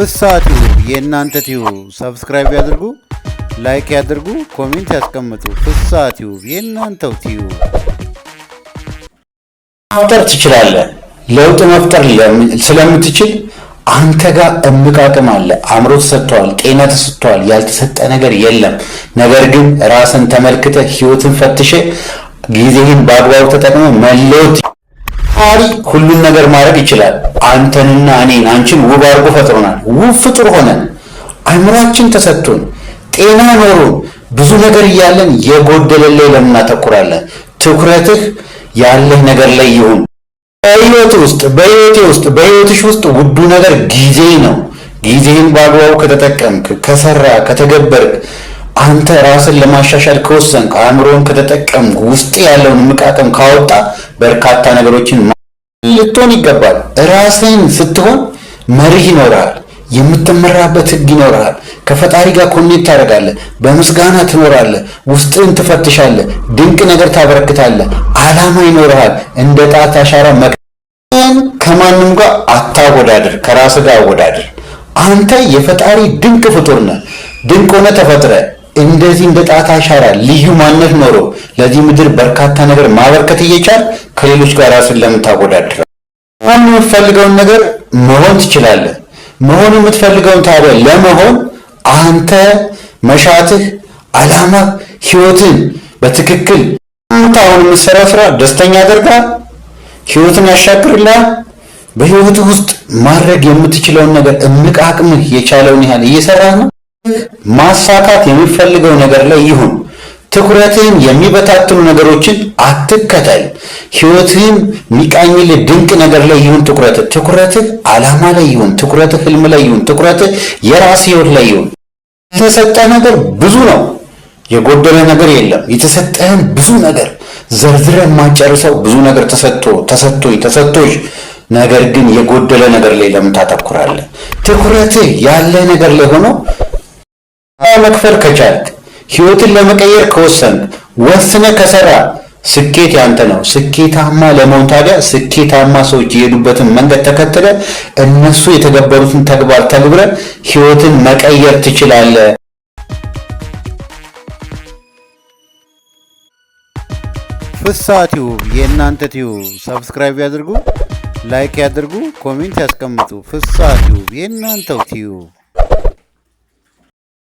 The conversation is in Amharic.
ፍሳቲ የናንተ የእናንተ ቲዩብ ሰብስክራይብ ያድርጉ፣ ላይክ ያድርጉ፣ ኮሜንት ያስቀምጡ። ፍሳት ይሁን የእናንተው ቲዩብ መፍጠር ትችላለህ። ለውጥ መፍጠር ስለምትችል አንተ ጋር እምቅ አቅም አለ። አእምሮ ተሰጥተዋል፣ ጤና ተሰጥተዋል፣ ያልተሰጠ ነገር የለም። ነገር ግን ራስን ተመልክተህ ህይወትን ፈትሸ ጊዜህን በአግባቡ ተጠቅመ መለወጥ ፈጣሪ ሁሉን ነገር ማድረግ ይችላል። አንተንና እኔን አንቺን ውብ አድርጎ ፈጥሮናል። ውብ ፍጡር ሆነን አእምሯችን ተሰጥቶን ጤና ኖሮን ብዙ ነገር እያለን የጎደለን ላይ ለምን ትኩረትህ ያለህ ነገር ላይ ይሁን። በህይወት ውስጥ በህይወቴ ውስጥ በህይወትሽ ውስጥ ውዱ ነገር ጊዜ ነው። ጊዜህን በአግባቡ ከተጠቀምክ፣ ከሰራ፣ ከተገበርክ አንተ ራስን ለማሻሻል ከወሰንክ፣ አእምሮን ከተጠቀምክ፣ ውስጥ ያለውን ምቃቅም ካወጣ በርካታ ነገሮችን ልትሆን ይገባል። ራስን ስትሆን መርህ ይኖራል፣ የምትመራበት ህግ ይኖራል። ከፈጣሪ ጋር ኮኔክት ታደርጋለህ፣ በምስጋና ትኖራለህ፣ ውስጥን ትፈትሻለህ፣ ድንቅ ነገር ታበረክታለህ። አላማ ይኖርሃል። እንደ ጣት አሻራ ከማንም ጋር አታወዳድር፣ ከራስ ጋር አወዳድር። አንተ የፈጣሪ ድንቅ ፍጡር ነህ። ድንቅ ሆነ ተፈጥረ እንደዚህ እንደ ጣት አሻራ ልዩ ማንነት ኖሮ ለዚህ ምድር በርካታ ነገር ማበርከት እየቻል ከሌሎች ጋር ራስን ለምን የምትፈልገውን ነገር መሆን ትችላለህ። መሆን የምትፈልገውን ታዲያ ለመሆን አንተ መሻትህ፣ አላማ ህይወትን በትክክል አንተ አሁን የምትሰራው ስራ ደስተኛ አደርጋ ህይወትን ያሻግርላ በህይወት ውስጥ ማድረግ የምትችለውን ነገር እምቅ አቅምህ የቻለውን ያህል እየሰራህ ነው። ማሳካት የሚፈልገው ነገር ላይ ይሁን ትኩረትህን የሚበታትኑ ነገሮችን አትከተል። ህይወትህን የሚቃኝል ድንቅ ነገር ላይ ይሁን ትኩረት ትኩረትህ አላማ ላይ ይሁን፣ ትኩረትህ ህልም ላይ ይሁን፣ ትኩረትህ የራስ ህይወት ላይ ይሁን። የተሰጠ ነገር ብዙ ነው፣ የጎደለ ነገር የለም። የተሰጠህን ብዙ ነገር ዘርዝረ የማጨርሰው ብዙ ነገር ተሰጥቶ ተሰጥቶኝ ተሰጥቶሽ ነገር ግን የጎደለ ነገር ላይ ለምን ታተኩራለህ? ትኩረትህ ያለ ነገር ላይ ሆኖ መክፈል ከቻልክ ህይወትን ለመቀየር ከወሰን ወስነ ከሰራ ስኬት ያንተ ነው። ስኬታማ ለመሆን ታዲያ ስኬታማ ሰዎች የሄዱበትን መንገድ ተከትለ እነሱ የተገበሩትን ተግባር ተግብረ ህይወትን መቀየር ትችላለ ፍሳ ቲዩብ የእናንተ ቲዩብ። ሰብስክራይብ ያድርጉ፣ ላይክ ያድርጉ፣ ኮሜንት ያስቀምጡ። ፍስሃ ቲዩብ የእናንተው ቲዩብ